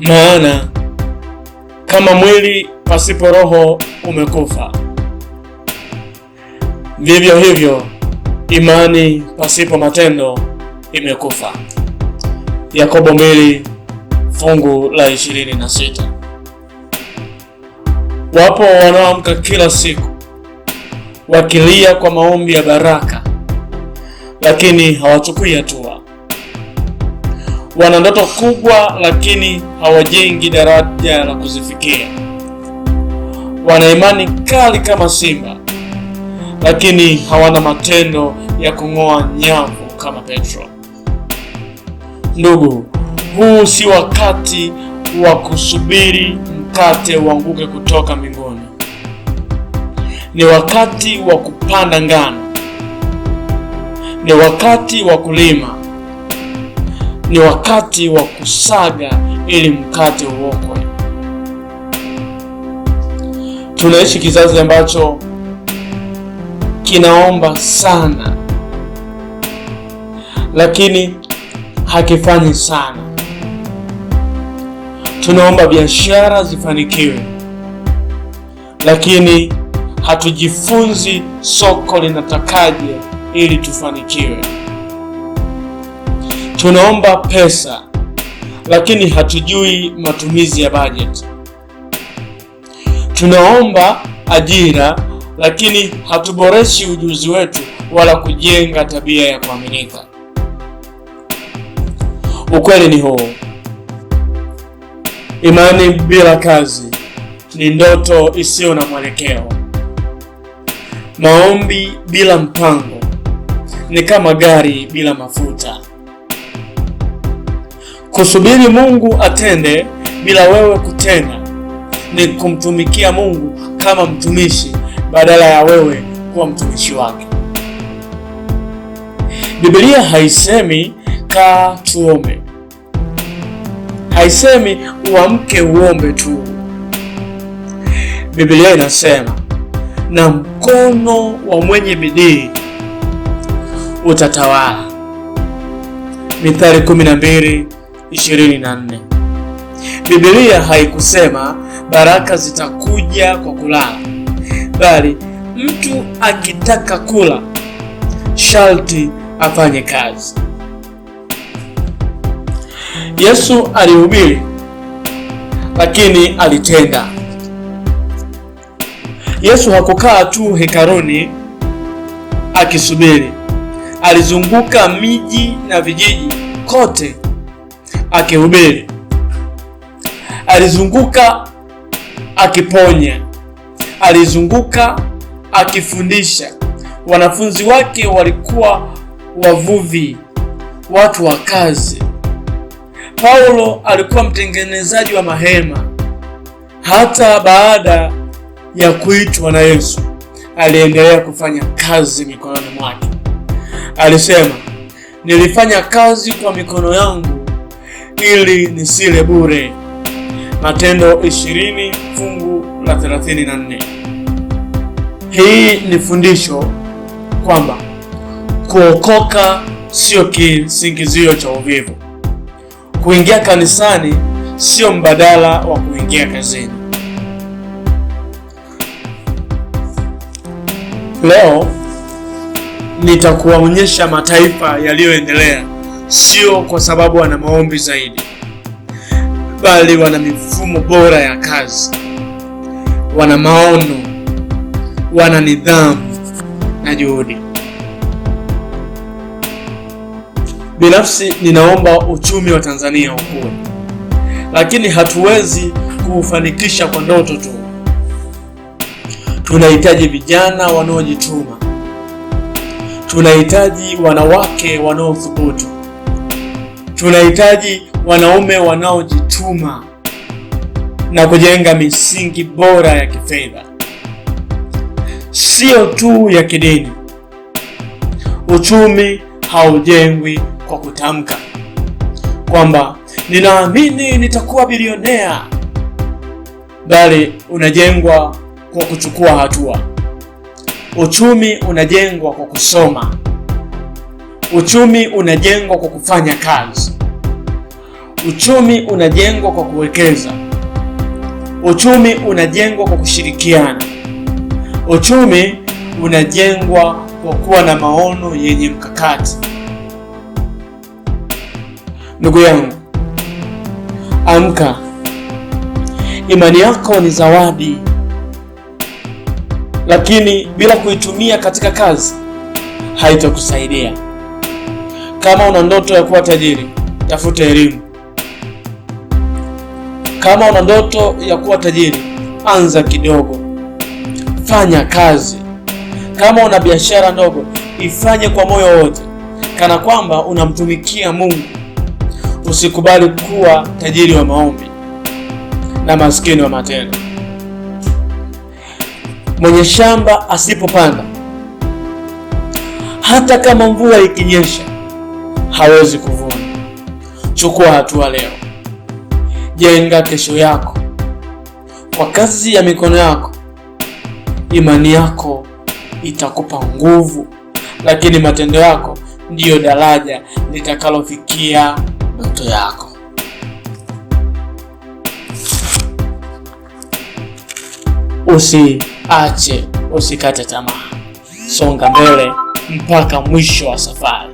Maana kama mwili pasipo roho umekufa, vivyo hivyo imani pasipo matendo imekufa. Yakobo mbili fungu la sita. Wapo wanaoamka kila siku wakilia kwa maombi ya baraka, lakini hawachukui hatua wana ndoto kubwa, lakini hawajengi daraja la kuzifikia. Wana imani kali kama simba, lakini hawana matendo ya kung'oa nyavu kama Petro. Ndugu, huu si wakati wa kusubiri mkate uanguke kutoka mbinguni. Ni wakati wa kupanda ngano, ni wakati wa kulima ni wakati wa kusaga ili mkate uokwe. Tunaishi kizazi ambacho kinaomba sana, lakini hakifanyi sana. Tunaomba biashara zifanikiwe, lakini hatujifunzi soko linatakaje ili tufanikiwe. Tunaomba pesa lakini hatujui matumizi ya bajeti. Tunaomba ajira lakini hatuboreshi ujuzi wetu wala kujenga tabia ya kuaminika. Ukweli ni huu: imani bila kazi ni ndoto isiyo na mwelekeo. Maombi bila mpango ni kama gari bila mafuta. Kusubiri Mungu atende bila wewe kutenda ni kumtumikia Mungu kama mtumishi badala ya wewe kuwa mtumishi wake. Biblia haisemi kaa tuombe, haisemi uamke uombe tu. Biblia inasema na mkono wa mwenye bidii utatawala, Mithali 12 24. Biblia haikusema baraka zitakuja kwa kulala, bali mtu akitaka kula sharti afanye kazi. Yesu alihubiri lakini alitenda. Yesu hakukaa tu hekaruni akisubiri, alizunguka miji na vijiji kote akihubiri, alizunguka akiponya, alizunguka akifundisha. Wanafunzi wake walikuwa wavuvi, watu wa kazi. Paulo alikuwa mtengenezaji wa mahema. Hata baada ya kuitwa na Yesu, aliendelea kufanya kazi mikononi mwake. Alisema, nilifanya kazi kwa mikono yangu ili nisile bure. Matendo 20 fungu la 34. Hii ni fundisho kwamba kuokoka sio kisingizio cha uvivu. Kuingia kanisani sio mbadala wa kuingia kazini. Leo nitakuwaonyesha mataifa yaliyoendelea sio kwa sababu wana maombi zaidi, bali wana mifumo bora ya kazi, wana maono, wana nidhamu na juhudi. Binafsi ninaomba uchumi wa Tanzania ukue, lakini hatuwezi kuufanikisha kwa ndoto tu. Tunahitaji vijana wanaojituma, tunahitaji wanawake wanaothubutu tunahitaji wanaume wanaojituma na kujenga misingi bora ya kifedha, sio tu ya kidini. Uchumi haujengwi kwa kutamka kwamba ninaamini nitakuwa bilionea, bali unajengwa kwa kuchukua hatua. Uchumi unajengwa kwa kusoma Uchumi unajengwa kwa kufanya kazi. Uchumi unajengwa kwa kuwekeza. Uchumi unajengwa kwa kushirikiana. Uchumi unajengwa kwa kuwa na maono yenye mkakati. Ndugu yangu, amka. Imani yako ni zawadi, lakini bila kuitumia katika kazi haitakusaidia. Kama una ndoto ya kuwa tajiri, tafuta elimu. Kama una ndoto ya kuwa tajiri, anza kidogo, fanya kazi. Kama una biashara ndogo, ifanye kwa moyo wote, kana kwamba unamtumikia Mungu. Usikubali kuwa tajiri wa maombi na maskini wa matendo. Mwenye shamba asipopanda, hata kama mvua ikinyesha hawezi kuvuna. Chukua hatua leo, jenga kesho yako kwa kazi ya mikono yako. Imani yako itakupa nguvu, lakini matendo yako ndiyo daraja litakalofikia ndoto yako. Usiache, usikate tamaa, songa mbele mpaka mwisho wa safari.